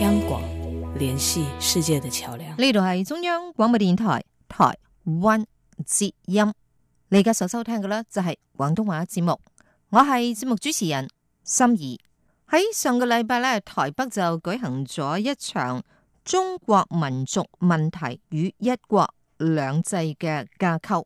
香港聯繫世界的橋樑，呢度係中央廣播電台台灣之音，你而家所收聽嘅呢，就係廣東話節目，我係節目主持人心儀。喺上個禮拜呢，台北就舉行咗一場中國民族問題與一國兩制嘅架構，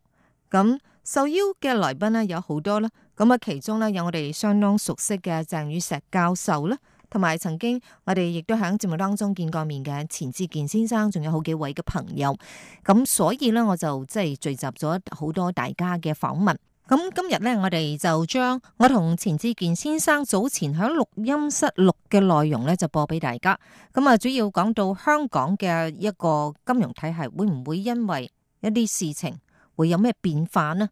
咁受邀嘅來賓呢，有好多啦，咁啊其中呢，有我哋相當熟悉嘅鄭宇石教授啦。同埋曾經我哋亦都喺節目當中見過面嘅錢志健先生，仲有好幾位嘅朋友，咁所以咧我就即係聚集咗好多大家嘅訪問。咁今日咧我哋就將我同錢志健先生早前喺錄音室錄嘅內容咧就播俾大家。咁啊，主要講到香港嘅一個金融體系會唔會因為一啲事情會有咩變化呢？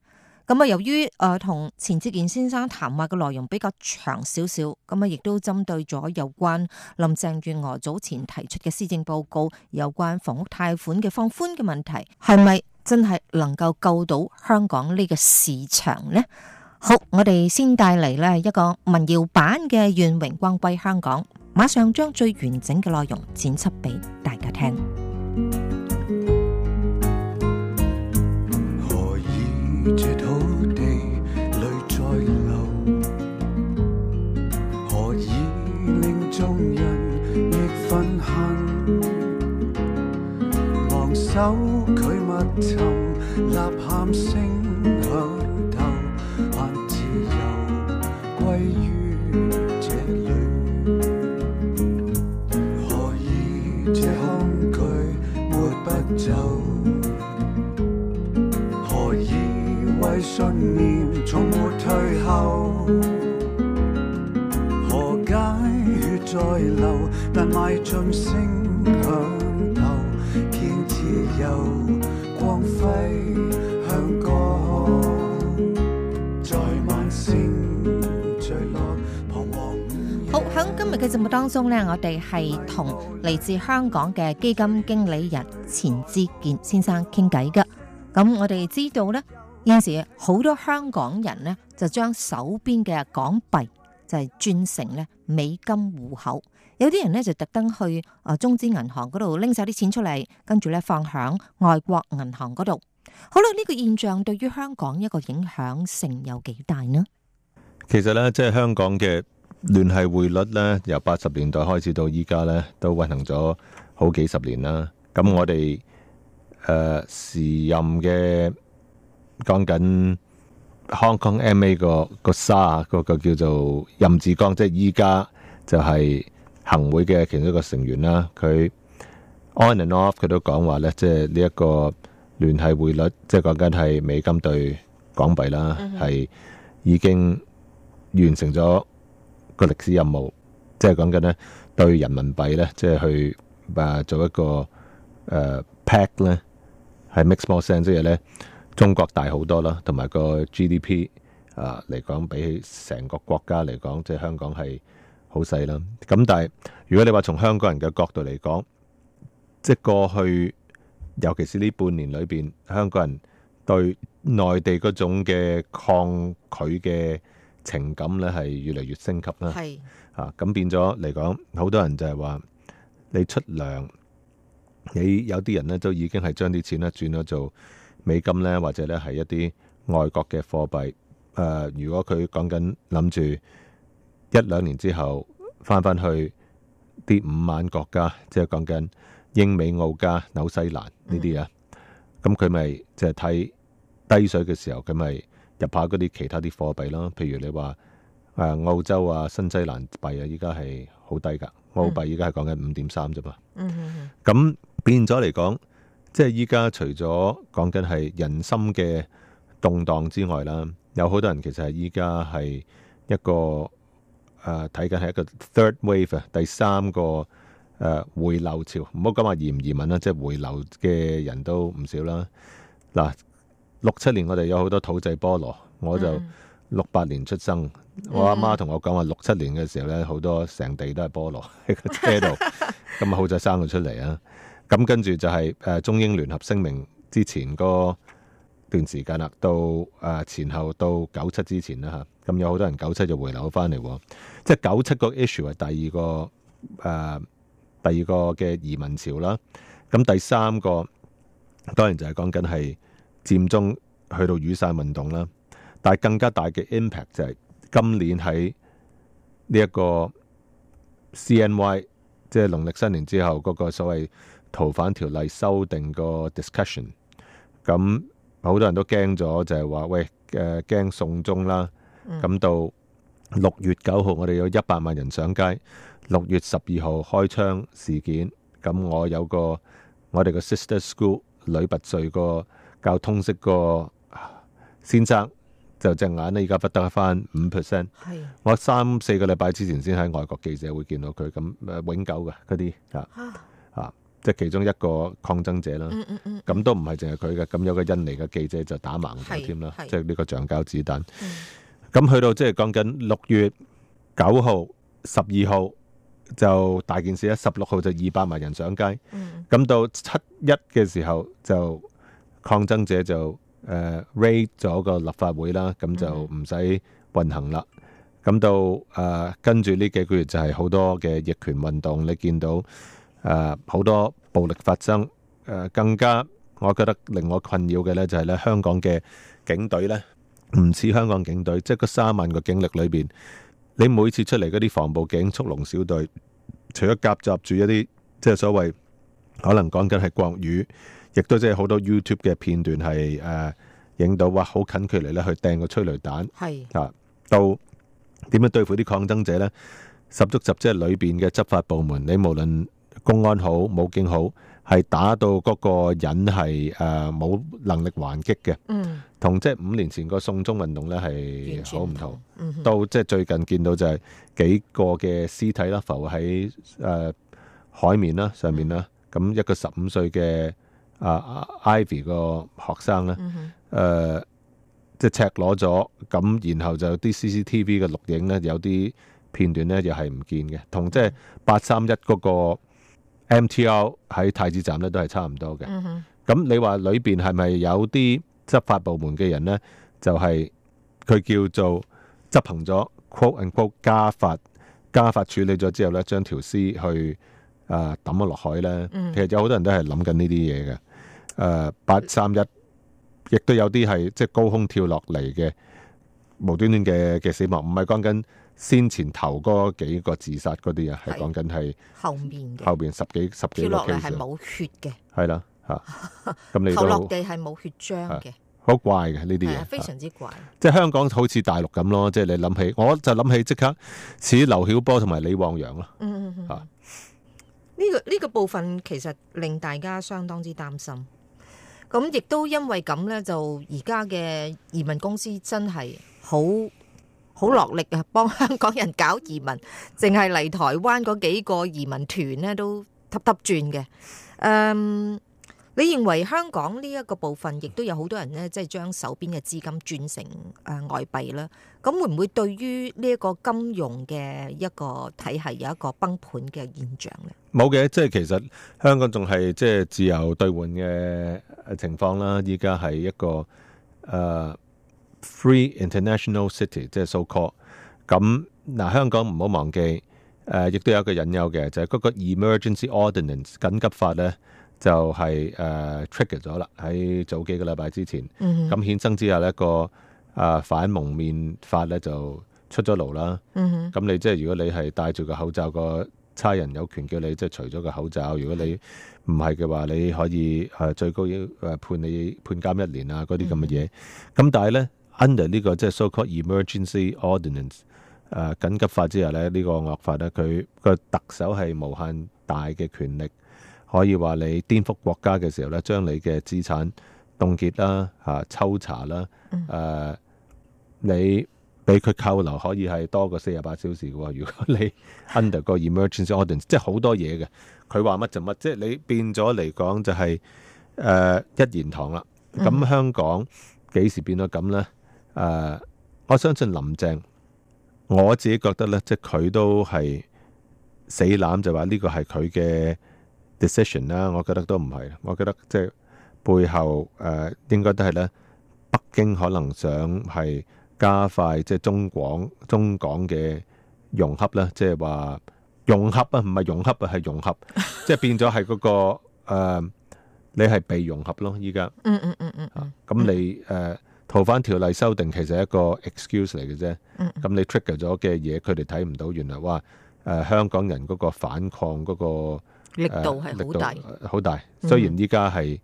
咁啊，由於誒同、呃、錢志健先生談話嘅內容比較長少少，咁啊，亦都針對咗有關林鄭月娥早前提出嘅施政報告有關房屋貸款嘅放寬嘅問題，係咪真係能夠救到香港呢個市場咧？好，好我哋先帶嚟咧一個民謠版嘅《願榮光歸香港》，馬上將最完整嘅內容剪輯俾大家聽。何當中呢，我哋係同嚟自香港嘅基金經理人錢志健先生傾偈噶。咁我哋知道呢，現時好多香港人呢，就將手邊嘅港幣就係轉成呢美金戶口。有啲人呢，就特登去啊中資銀行嗰度拎晒啲錢出嚟，跟住呢放響外國銀行嗰度。好啦，呢個現象對於香港一個影響性有幾大呢？其實呢，即係香港嘅。聯繫匯率咧，由八十年代開始到依家咧，都運行咗好幾十年啦。咁我哋誒、呃、時任嘅講緊 Hong Kong M A 個、那個沙，個、那個叫做任志剛，即係依家就係、是、行會嘅其中一個成員啦。佢 on and off 佢都講話咧，即係呢一個聯繫匯率，即係講緊係美金對港幣啦，係、mm hmm. 已經完成咗。個歷史任務，即係講緊咧，對人民幣咧，即係去啊做一個誒 pack 咧，係 makes more sense，即係咧中國大好多啦，同埋個 GDP 啊嚟講，比起成個國家嚟講，即係香港係好細啦。咁但係如果你話從香港人嘅角度嚟講，即係過去，尤其是呢半年裏邊，香港人對內地嗰種嘅抗拒嘅情感咧係越嚟越升級啦，是啊咁變咗嚟講，好多人就係話你出糧，你有啲人咧都已經係將啲錢咧轉咗做美金咧，或者咧係一啲外國嘅貨幣。誒、啊，如果佢講緊諗住一兩年之後返返去啲五眼國家，即係講緊英美澳加紐西蘭呢啲啊，咁佢咪即係睇低水嘅時候，佢咪。入下嗰啲其他啲貨幣啦，譬如你話誒澳洲啊、新西蘭幣啊，依家係好低噶，澳幣依家係講緊五點三啫嘛。嗯、嗯、嗯、咁變咗嚟講，即係依家除咗講緊係人心嘅動盪之外啦，有好多人其實係依家係一個誒睇緊係一個 third wave 啊，第三個誒、呃、回流潮。唔好講話移唔移民啦，即係回流嘅人都唔少啦。嗱。六七年我哋有好多土製菠蘿，我就六八年出生，mm. 我阿媽同我講話六七年嘅時候咧，好多成地都係菠蘿喺個車度，咁 好仔生咗出嚟啊！咁跟住就係誒中英聯合聲明之前個段時間啦，到誒前後到九七之前啦吓，咁有好多人九七就回流翻嚟，即係九七個 issue 係第二個誒第二個嘅移民潮啦，咁第三個當然就係講緊係。佔中去到雨傘運動啦，但係更加大嘅 impact 就係今年喺呢一個 CNY，即係農曆新年之後嗰個所謂逃犯條例修訂個 discussion。咁好多人都驚咗，就係、是、話喂誒，驚、啊、送中啦。咁到六月九號，我哋有一百萬人上街；六月十二號開槍事件。咁我有個我哋個 sister school 女拔萃個。教通識個先生就隻眼咧，而家不得返五 percent。係我三四個禮拜之前先喺外國記者會見到佢咁永久嘅嗰啲啊啊，即係其中一個抗爭者啦。咁、嗯嗯嗯、都唔係淨係佢嘅，咁有個印尼嘅記者就打盲咗添啦，即係呢個橡膠子彈。咁、嗯、去到即係講緊六月九號、十二號就大件事啦。十六號就二百萬人上街，咁、嗯、到七一嘅時候就。抗爭者就誒、呃、raid 咗個立法會啦，咁就唔使運行啦。咁到誒、呃、跟住呢幾個月就係好多嘅逆權運動，你見到誒好、呃、多暴力發生。誒、呃、更加，我覺得令我困擾嘅呢，就係、是、咧香港嘅警隊呢，唔似香港警隊，即係嗰三萬個警力裏邊，你每次出嚟嗰啲防暴警、速龍小隊，除咗夾雜住一啲即係所謂可能講緊係國語。亦都即係好多 YouTube 嘅片段係誒影到，哇！好近距離咧，去掟個催淚彈係是啊，到點樣對付啲抗爭者咧？十足十即係裏邊嘅執法部門，你無論公安好、武警好，係打到嗰個人係誒冇能力還擊嘅。嗯，同即係五年前個送中運動咧係好唔同。同嗯、到即係最近見到就係幾個嘅屍體啦，浮喺誒海面啦上面啦。咁、嗯、一個十五歲嘅。啊、uh,！Ivy 個學生咧，誒、mm，即、hmm. 係、呃就是、赤裸咗，咁然後就啲 CCTV 嘅錄影咧，有啲片段咧又係唔見嘅，同即係八三一嗰個 MTO 喺太子站咧都係差唔多嘅。咁、mm hmm. 嗯、你話裏邊係咪有啲執法部門嘅人咧，就係、是、佢叫做執行咗 quote unquote 加法加法處理咗之後咧，將條屍去誒抌咗落海咧？Mm hmm. 其實有好多人都係諗緊呢啲嘢嘅。誒，八三一亦都有啲係即係高空跳落嚟嘅，無端端嘅嘅死亡，唔係講緊先前頭嗰幾個自殺嗰啲啊，係講緊係後面嘅，後面十幾十幾跳落嚟係冇血嘅，係啦吓，咁你落地係冇血漿嘅，好、啊、怪嘅呢啲嘢，非常之怪、啊。即係香港好似大陸咁咯，即係你諗起，我就諗起即刻似劉曉波同埋李旺陽咯，吓呢個呢、這個部分其實令大家相當之擔心。咁亦都因為咁呢，就而家嘅移民公司真係好好落力啊，幫香港人搞移民，淨係嚟台灣嗰幾個移民團呢都揼揼轉嘅，um, 你認為香港呢一個部分，亦都有好多人呢，即係將手邊嘅資金轉成誒外幣啦。咁會唔會對於呢一個金融嘅一個體系有一個崩盤嘅現象呢？冇嘅，即係其實香港仲係即係自由兌換嘅情況啦。依家係一個誒 free international city，即係 so called。咁嗱，香港唔好忘記誒，亦都有一個隱憂嘅，就係、是、嗰個 emergency ordinance 緊急法咧。就係誒 trigger 咗啦，喺早幾個禮拜之前，咁、mm hmm. 衍生之下呢、呢個、啊、反蒙面法咧就出咗爐啦。咁、mm hmm. 你即係如果你係戴住個口罩，個差人有權叫你即係除咗個口罩。如果你唔係嘅話，你可以、啊、最高要判你判監一年啊，嗰啲咁嘅嘢。咁、mm hmm. 但係呢 under 呢、呢個即係、即係、so-called emergency ordinance 誒、啊、緊急法之下呢，呢、呢個惡法咧佢個特首係無限大嘅權力。可以話你顛覆國家嘅時候咧，將你嘅資產凍結啦，嚇、啊、抽查啦，誒、啊、你俾佢扣留可以係多過四十八小時嘅喎。如果你 under 個 emergency order 即係好多嘢嘅，佢話乜就乜，即、就、係、是、你變咗嚟講就係、是、誒、啊、一言堂啦。咁香港幾時變到咁咧？誒、啊，我相信林鄭我自己覺得咧，即係佢都係死攬就話呢個係佢嘅。decision 啦，我覺得都唔係。我覺得即係背後誒、呃，應該都係咧，北京可能想係加快即係、即係、中，中港中港嘅融合咧，即係話融合啊，唔係融合啊，係融合，即係變咗係嗰個你係被融合咯。依家嗯嗯嗯嗯咁你誒逃犯條例修訂其實係一個 excuse 嚟嘅啫。咁你 trigger 咗嘅嘢，佢哋睇唔到原來話誒、呃，香港人嗰個反抗嗰、嗰個。力度係好大，好、呃、大。嗯、雖然依家係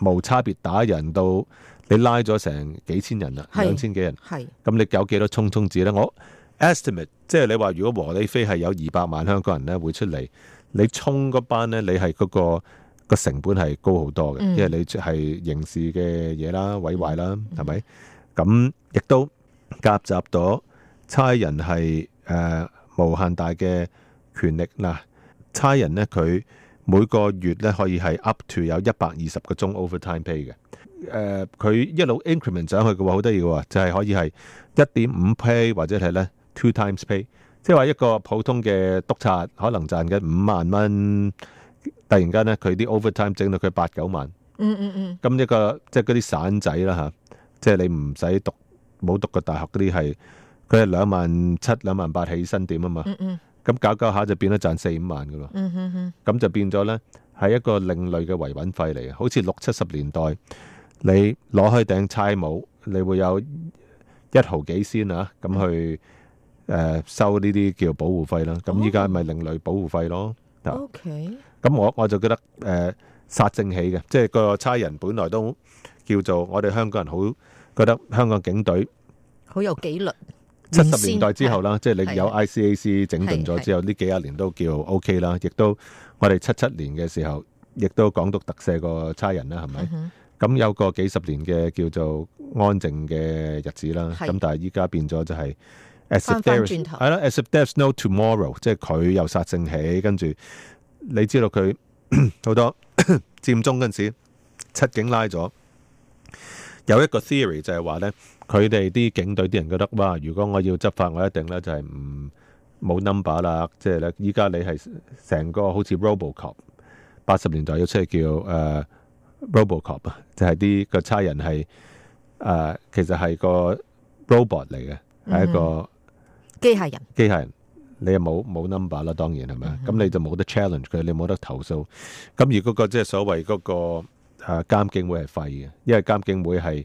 無差別打人到你拉咗成幾千人啦，是兩千幾人。係是。咁你搞幾多衝衝子咧？我 estimate 即係你話，如果和理非係有二百萬香港人咧會出嚟，你衝嗰班咧，你係嗰、嗰個、嗰個成本係高好多嘅，嗯、因為你係刑事嘅嘢啦、毀壞啦，係咪、嗯？咁亦都夾雜咗，差人係誒無限大嘅權力嗱。呃差人咧，佢每個月咧可以係 up to 有一百二十個鐘 over time pay 嘅。誒、呃，佢一路 increment 上去嘅話，好得意喎，就係、是、可以係一點五 pay 或者係咧 two times pay。即係話一個普通嘅督察可能賺緊五萬蚊，突然間咧佢啲 over time 整到佢八九萬。嗯嗯嗯。咁一、這個即係嗰啲散仔啦吓，即、就、係、是啊就是、你唔使讀冇讀過大學嗰啲係，佢係兩萬七兩萬八起薪點啊嘛。嗯嗯。咁搞搞下就變咗賺四五萬噶咯，咁就變咗咧係一個另類嘅維穩費嚟嘅，好似六七十年代，你攞開頂差帽，你會有一毫幾先啊，咁去誒收呢啲叫保護費啦。咁依家咪另類保護費咯。OK。咁我我就覺得誒殺正氣嘅，即係個差人本來都叫做我哋香港人好覺得香港警隊好有紀律。七十年代之後啦，先即係你有 ICAC 整頓咗之後，呢的幾廿年都叫 OK 啦，亦的都我哋七七年嘅時候，亦都港獨特赦過差人啦，係咪？咁、嗯、哼有個幾十年嘅叫做安靜嘅日子啦。咁的但係依家變咗就係、是、的 as if there 的 is no tomorrow，的 no tomorrow 即係佢又殺正起，跟住你知道佢好 多 佔中嗰陣時，七警拉咗，有一個 theory 就係話咧。佢哋啲警隊啲人覺得哇！如果我要執法，我一定咧就係唔冇 number 啦。即係咧，依家你係成個好似 RoboCop，八十年代有出去叫誒 RoboCop，就係啲個差人係誒，其實係個 robot 嚟嘅，係、嗯、哼一個機械人。機械人你又冇冇 number 啦，當然係咪？咁、嗯、哼你就冇得 challenge 佢，你冇得投訴。咁而嗰個即係所謂嗰個誒監警會係廢嘅，因為監警會係。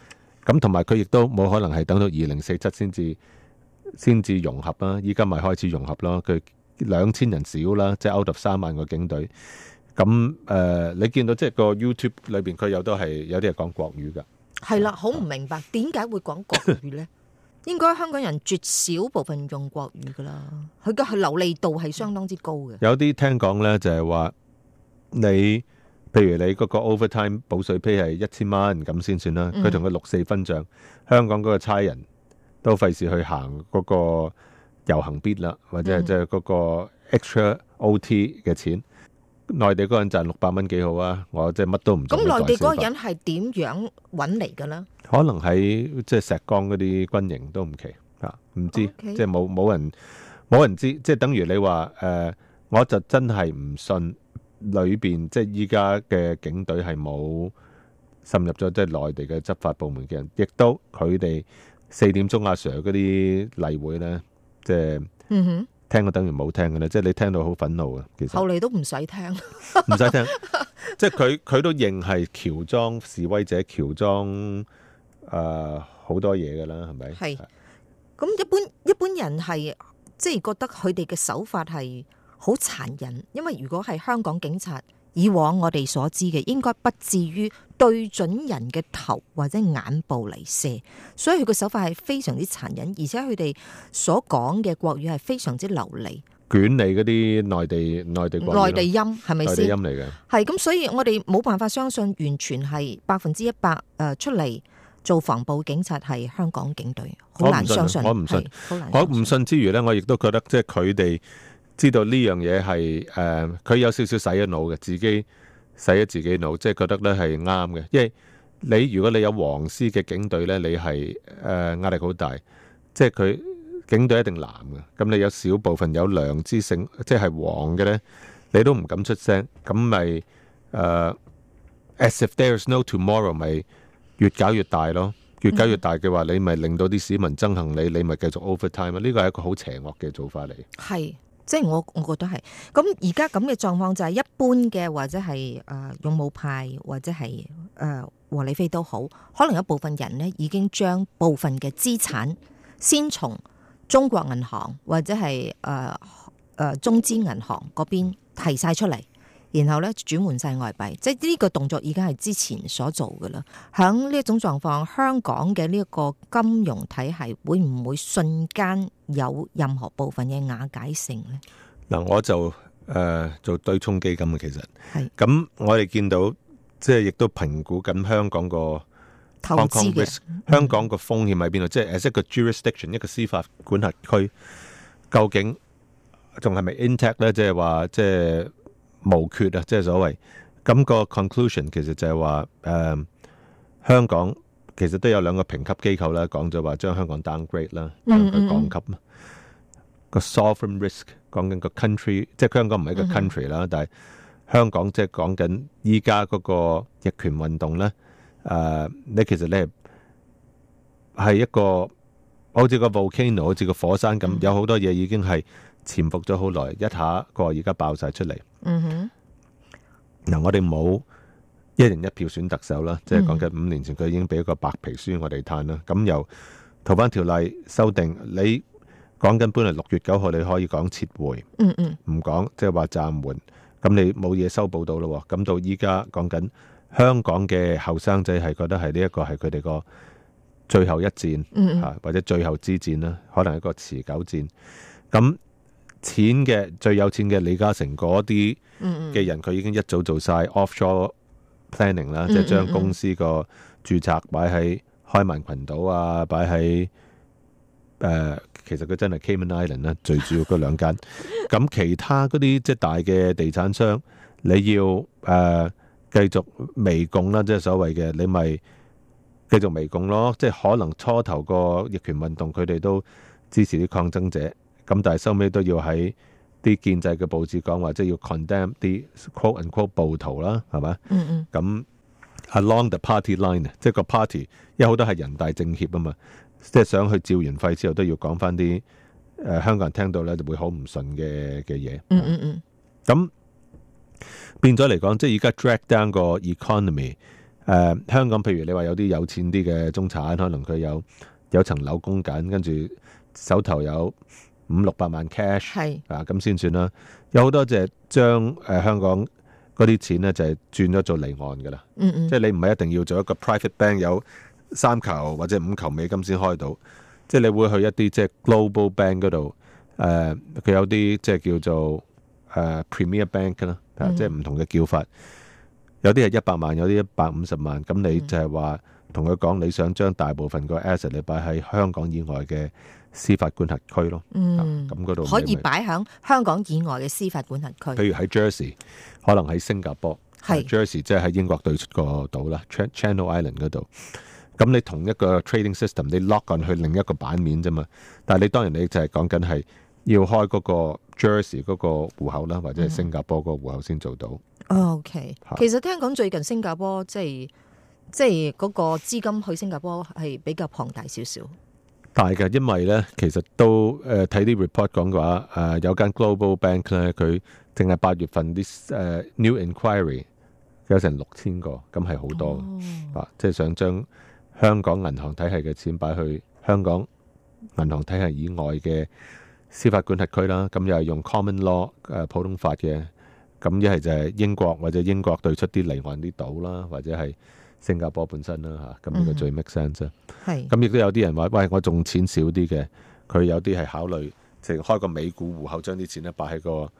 咁同埋佢亦都冇可能係等到二零四七先至先至融合啦、啊，依家咪開始融合咯。佢兩千人少啦，即係歐特三萬個警隊。咁、嗯、誒，你見到即係個 YouTube 裏邊佢有都係有啲係講國語噶，係啦，好唔明白點解會講國語呢？ 應該香港人絕少部分用國語噶啦，佢嘅流利度係相當之高嘅。有啲聽講呢，就係、係、話你。譬如你嗰個 overtime 補水批係一千蚊咁先算啦，佢同佢六四分賬，香港嗰個差人都費事去行嗰個遊行必 i 啦，或者係即係嗰個 extra OT 嘅錢，內地嗰個人賺六百蚊幾好啊！我即係乜都唔知。咁內地嗰個人係點樣揾嚟㗎咧？可能喺即係石崗嗰啲軍營都唔奇嚇，唔、啊、知 Okay. 即係冇冇人冇人知，即係等於你話誒、呃，我就真係唔信。裏邊即係依家嘅警隊係冇滲入咗，即係內地嘅執法部門嘅人，亦都佢哋四點鐘阿 Sir 嗰啲例會咧，即係聽咗等於冇聽嘅咧，即係你聽到好憤怒啊！其實後嚟都唔使聽、聽，唔使聽，即係佢佢都認係喬裝示威者，喬裝誒好多嘢噶啦，係咪？係咁一般一般人係即係覺得佢哋嘅手法係。好殘忍，因為如果係香港警察以往我哋所知嘅，應該不至於對準人嘅頭或者眼部嚟射，所以佢個手法係非常之殘忍，而且佢哋所講嘅國語係非常之流利，捲嚟嗰啲內地內地內地音係咪先？內地音嚟嘅係咁，所以我哋冇辦法相信完全係百分之一百誒出嚟做防暴警察係香港警隊，好難相信。我唔信，我唔信，信，信之餘呢，我亦都覺得即係佢哋。知道呢樣嘢係誒，佢、呃、有少少洗咗腦嘅，自己洗咗自己腦，即係覺得呢係啱嘅。因為你如果你有黃絲嘅警隊呢，你係誒、呃、壓力好大，即係佢警隊一定藍嘅。咁你有少部分有良知性，即係係黃嘅呢，你都唔敢出聲，咁咪誒 as if there is no tomorrow，咪越搞越大咯。越搞越大嘅話，你咪令到啲市民憎恨你，你咪繼續 over time。呢個係一個好邪惡嘅做法嚟，係。即係我，我覺得係咁，而家咁嘅狀況就係一般嘅，或者係誒勇武派，或者係誒和理非都好，可能有部分人咧已經將部分嘅資產先從中國銀行或者係誒誒中資銀行嗰邊提晒出嚟。然後咧轉換晒外幣，即係呢個動作已經係之前所做嘅啦。喺呢一種狀況，香港嘅呢一個金融體系會唔會瞬間有任何部分嘅瓦解性咧？嗱，我就誒做、呃、對沖基金嘅，其實係咁，是我哋見到即係亦都評估緊香港個投資嘅 Kong、嗯、香港個風險喺邊度，即係 as 一個 jurisdiction 一個司法管轄區，究竟仲係咪 intact 咧？即係話即係。無缺啊，即係所謂咁、嗰個 conclusion 其實就係話誒香港其實都有兩個評級機構咧，講咗話將香港 downgrade 啦，mm hmm. 將佢降級啦。個 sovereign risk 講緊個 country，即係香港唔係一個 country 啦，mm hmm. 但係香港即係講緊依家嗰個逆權運動咧。誒、呃，你其實你係一個好似個 volcano，好似個火山咁，有好多嘢已經係。潛伏咗好耐，一下過而家爆晒出嚟。嗯哼、mm，嗱、hmm. 啊，我哋冇一人一票選特首啦，mm hmm. 即係講緊五年前佢已經俾一個白皮書我哋嘆啦。咁、嗯嗯嗯嗯、由逃犯條例修訂，你講緊本來六月九號你可以講撤回，嗯嗯，唔講即係話暫緩，咁你冇嘢修補到咯。咁到依家講緊香港嘅後生仔係覺得係呢一個係佢哋個最後一戰，吓、啊、或者最後之戰啦，可能係一個持久戰咁。嗯錢嘅最有錢嘅李嘉誠嗰啲嘅人，佢、mm hmm. 已經一早做晒 offshore planning 啦、mm，hmm. 即係將公司個註冊擺喺開曼群島啊，擺喺誒，其實佢真係 Cayman Island 啦，最主要嗰兩間。咁 其他嗰啲即係大嘅地產商，你要誒繼、呃、續媚共啦，即係所謂嘅，你咪繼續媚共咯。即係可能初頭個逆權運動，佢哋都支持啲抗爭者。咁但係收尾都要喺啲建制嘅報紙講話，即係要 condemn 啲 quote and quote 暴徒啦，係嘛？嗯嗯、mm。咁、hmm. along the party line 即係個 party，因為好多係人大政協啊嘛，即係想去照完肺之後都要講翻啲誒香港人聽到咧就會好唔順嘅嘅嘢。嗯嗯嗯。咁、mm hmm. 變咗嚟講，即係而家 drag down 個 economy、呃。誒香港，譬如你話有啲有錢啲嘅中產，可能佢有有層樓供緊，跟住手頭有。五六百萬 cash 係是啊，咁先算啦。有好多就係將誒香港嗰啲錢咧，就係、是、轉咗做離岸噶啦。嗯嗯，即係你唔係一定要做一個 private bank 有三球或者五球美金先開到。即係你會去一啲即係 global bank 嗰度誒，佢、呃、有啲即係叫做誒、呃、premier bank 啦、啊嗯啊，即係唔同嘅叫法。有啲係一百萬，有啲一百五十萬。咁你就係話同佢講，嗯、你想將大部分個 asset 你擺喺香港以外嘅司法管轄區咯、嗯啊，嗯，咁嗰度可以擺喺香港以外嘅司法管轄區。譬如喺 Jersey，可能喺新加坡，係是、啊、Jersey 即係喺英國對出個島啦，Ch Channel Island 嗰度。咁你同一個 Trading System，你 lock 入去另一個版面啫嘛。但係你當然你就係講緊係要開嗰個 Jersey 嗰個戶口啦，或者係新加坡個戶口先做到。OK，其實聽講最近新加坡即係即係嗰個資金去新加坡係比較龐大少少。大嘅，因為咧，其實都誒睇啲 report 講嘅話，誒、呃、有間 global bank 咧，佢淨係八月份啲誒、uh, new inquiry 有成六千個，咁係好多，哦、啊，即係想將香港銀行體系嘅錢擺去香港銀行體系以外嘅司法管轄區啦，咁又係用 common law 誒、啊、普通法嘅，咁一係就係英國或者英國對出啲離岸啲島啦，或者係。新加坡本身啦吓，咁呢個最 make sense。係，咁亦都有啲人話，喂，我仲錢少啲嘅，佢有啲係考慮，淨開個美股戶口，將啲錢咧擺喺個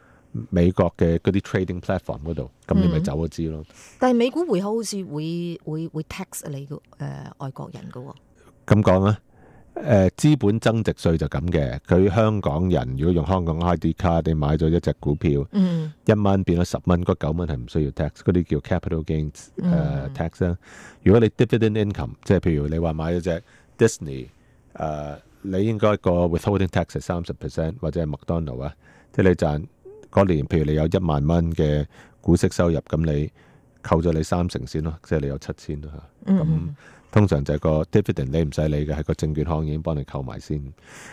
美國嘅嗰啲 trading platform 嗰度，咁你咪走咗資咯。但係美股戶口好似會會會 tax 你嘅，誒、呃、外國人嘅喎、哦。咁講啊？誒、呃、資本增值稅就咁嘅，佢香港人如果用香港 ID 卡，你買咗一隻股票，一蚊、mm. 變咗十蚊，嗰九蚊係唔需要 tax，嗰啲叫 capital gains、uh, tax 啊。如果你 dividend income，即係譬如你話買咗隻 Disney，誒、呃、你應該個 withholding tax 係三十 percent，或者係麥當勞啊，即係你賺嗰年，譬如你有一萬蚊嘅股息收入，咁你扣咗你三成先咯，即係你有七千啦嚇。咁、嗯。通常就係個 dividend 你唔使理嘅，係個證券行已經幫你扣埋先。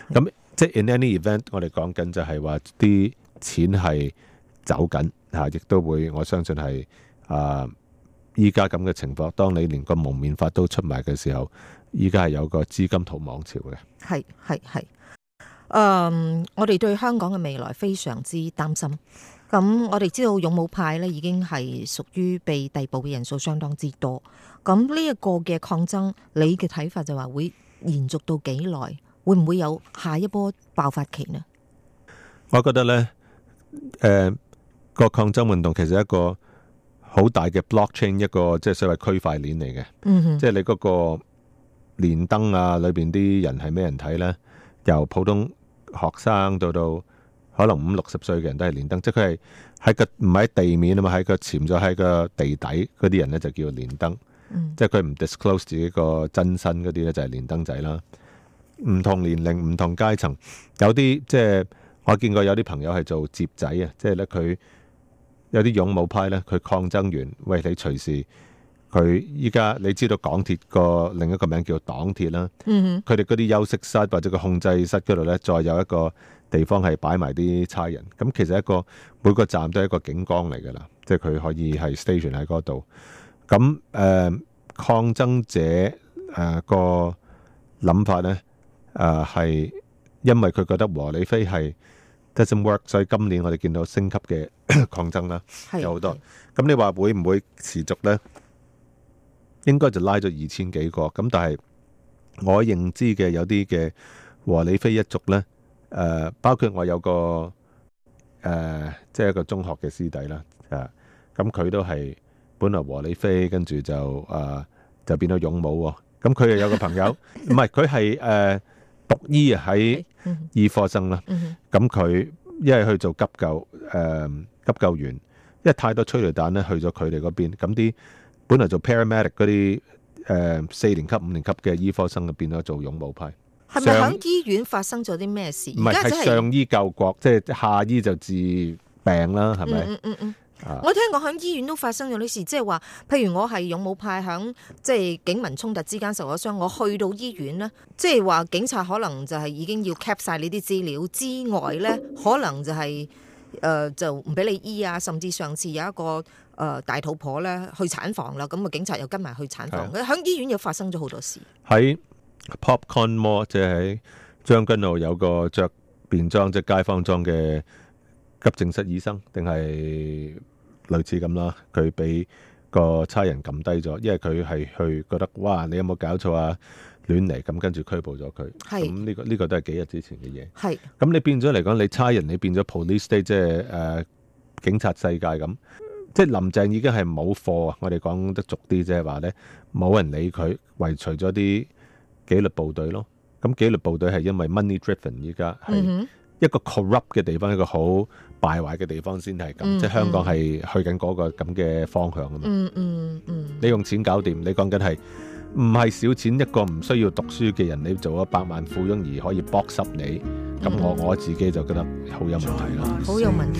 咁即係 in any event，我哋講緊就係話啲錢係走緊吓，亦都會我相信係啊依家咁嘅情況，當你連個蒙面法都出埋嘅時候，依家係有個資金逃亡潮嘅。係係係，嗯，um, 我哋對香港嘅未來非常之擔心。咁我哋知道勇武派呢已經係屬於被逮捕嘅人數相當之多。咁呢一個嘅抗爭，你嘅睇法就話會延續到幾耐？會唔會有下一波爆發期呢？我覺得呢誒、呃那個抗爭運動其實一個好大嘅 blockchain，一個即係所謂區塊鏈嚟嘅。Mm hmm. 即係你嗰個連登啊，裏邊啲人係咩人睇呢？由普通學生到到可能五六十歲嘅人都係連登，即係佢係喺個唔喺地面啊嘛，喺個潛咗喺個地底嗰啲人呢，就叫做連登。即係佢唔 disclose 自己個真身嗰啲咧，就係連登仔啦。唔同年齡、唔同階層，有啲即係我見過有啲朋友係做接仔啊。即係咧，佢有啲勇武派咧，佢抗爭員喂你隨時。佢依家你知道港鐵個另一個名叫黨鐵啦。佢哋嗰啲休息室或者個控制室嗰度咧，再有一個地方係擺埋啲差人。咁其實一個每個站都係一個警崗嚟噶啦，即係佢可以係 station 喺嗰度。咁誒、呃、抗爭者誒、呃那個諗法咧，誒、呃、係因為佢覺得和理非係 doesn't work，所以今年我哋見到升級嘅 抗爭啦，有好多。咁是是 你話會唔會持續咧？應該就拉咗二千幾個。咁但係我認知嘅有啲嘅和理非一族咧，誒、呃、包括我有個誒即係一個中學嘅師弟啦，誒咁佢都係。本來和理非，跟住就啊、呃，就變咗勇武喎。咁佢又有個朋友，唔係佢係誒讀醫啊，喺醫科生啦。咁佢因為去做急救誒、呃、急救員，因為太多催淚彈咧，去咗佢哋嗰邊。咁啲本來做 paramedic 嗰啲誒四、呃、年級五年級嘅醫科生，就變咗做勇武派。係咪喺醫院發生咗啲咩事？唔係係上醫救國，就是、即係下醫就治病啦，係咪？嗯嗯嗯我聽講喺醫院都發生咗啲事，即係話，譬如我係勇武派，響即係警民衝突之間受咗傷，我去到醫院咧，即係話警察可能就係已經要 cap 晒你啲資料之外呢，可能就係、是、誒、呃、就唔俾你醫啊，甚至上次有一個誒、呃、大肚婆呢去產房啦，咁啊警察又跟埋去產房，佢喺醫院又發生咗好多事。喺 Popcorn Mall，即係將軍澳有個着便裝即係街坊裝嘅。急症室醫生定係類似咁啦，佢俾個差人撳低咗，因為佢係去覺得哇，你有冇搞錯啊，亂嚟，咁跟住拘捕咗佢。咁呢是、這個呢、這個、都係幾日之前嘅嘢。係是。咁你變咗嚟講，你差人你變咗 police state，即係警察世界咁。即係、呃、林鄭已經係冇貨啊！我哋講得俗啲即係話咧，冇人理佢，唯除咗啲紀律部隊咯。咁紀律部隊係因為 money driven 依家係一個 corrupt 嘅地方，嗯、哼一個好。敗壞嘅地方先係咁，嗯、即係香港係去緊嗰個咁嘅方向啊嘛。嗯嗯嗯，嗯嗯你用錢搞掂，你講緊係唔係少錢一個唔需要讀書嘅人，你做咗百萬富翁而可以剝蝕你，咁、嗯、我我自己就覺得好有問題啦，好有問題。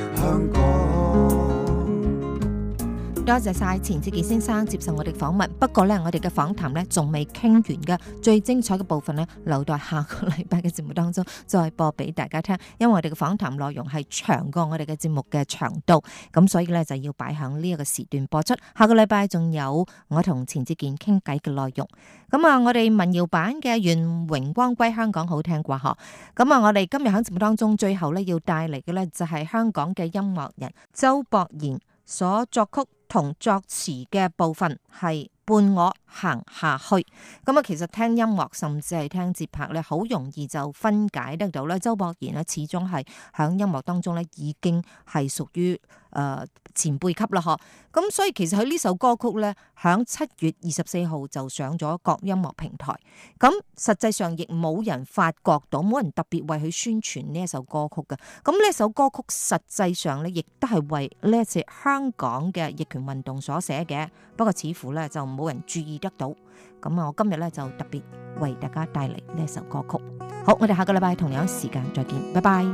多謝晒錢志健先生接受我哋訪問。不過呢，我哋嘅訪談呢，仲未傾完嘅，最精彩嘅部分呢，留待下個禮拜嘅節目當中再播俾大家聽。因為我哋嘅訪談內容係長過我哋嘅節目嘅長度，咁所以呢，就要擺喺呢一個時段播出。下個禮拜仲有我同錢志健傾偈嘅內容。咁啊，我哋民謠版嘅願榮光歸香港好聽啩？嗬。咁啊，我哋今日喺節目當中最後呢，要帶嚟嘅呢，就係香港嘅音樂人周博賢所作曲。同作詞嘅部分係伴我行下去，咁啊，其實聽音樂甚至係聽節拍咧，好容易就分解得到咧。周博賢咧，始終係響音樂當中咧，已經係屬於。誒前輩級啦，嗬！咁所以其實佢呢首歌曲咧，響七月二十四號就上咗各音樂平台。咁實際上亦冇人發覺到，冇人特別為佢宣傳呢一首歌曲嘅。咁呢首歌曲實際上咧，亦都係為呢一次香港嘅逆權運動所寫嘅。不過似乎咧就冇人注意得到。咁啊，我今日咧就特別為大家帶嚟呢一首歌曲。好，我哋下個禮拜同樣時間再見，拜拜。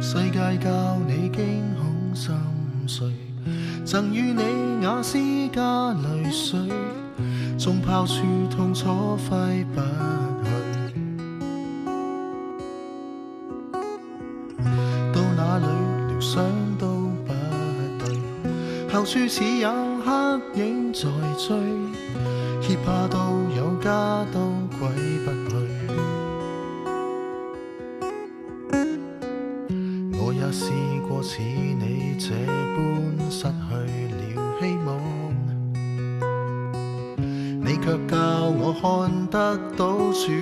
世界教你驚恐心碎，贈予你瓦斯加淚水，縱拋出痛楚揮不去。到哪裏療傷都不對，後處似有黑影在追，怯怕到有家都歸。我試過似你這般失去了希望，你卻教我看得到曙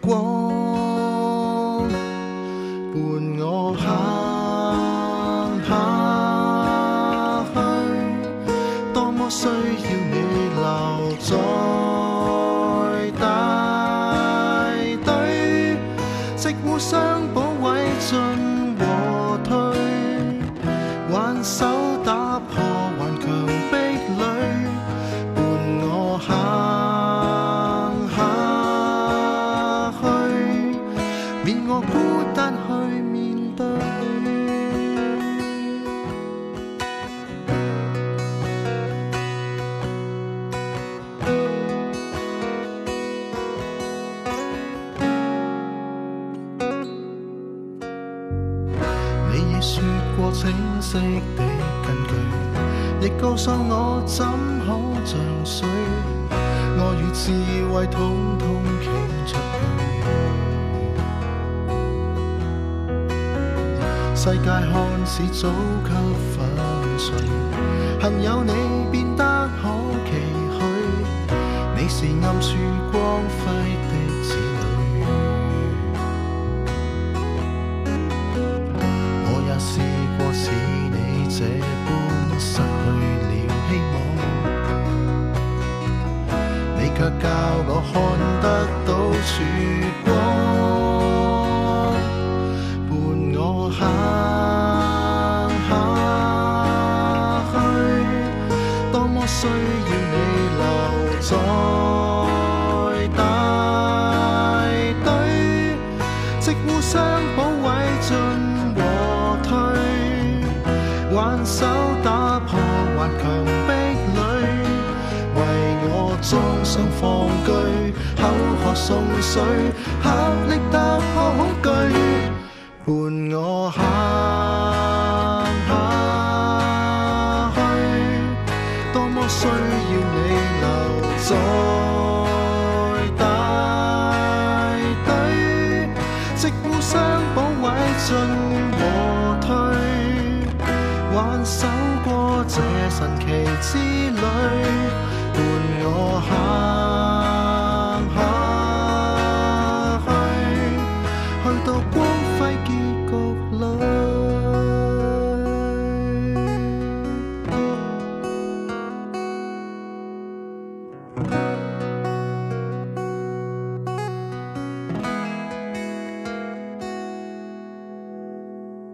光，伴我行。告訴我，怎可像水？我與智慧，統統傾出。世界看似早給粉碎，幸有你變得可期許。你是暗處光輝的子女，我也試過似你這。教我看得到曙光。送上防具口渴送水，合力打破恐懼，伴我行。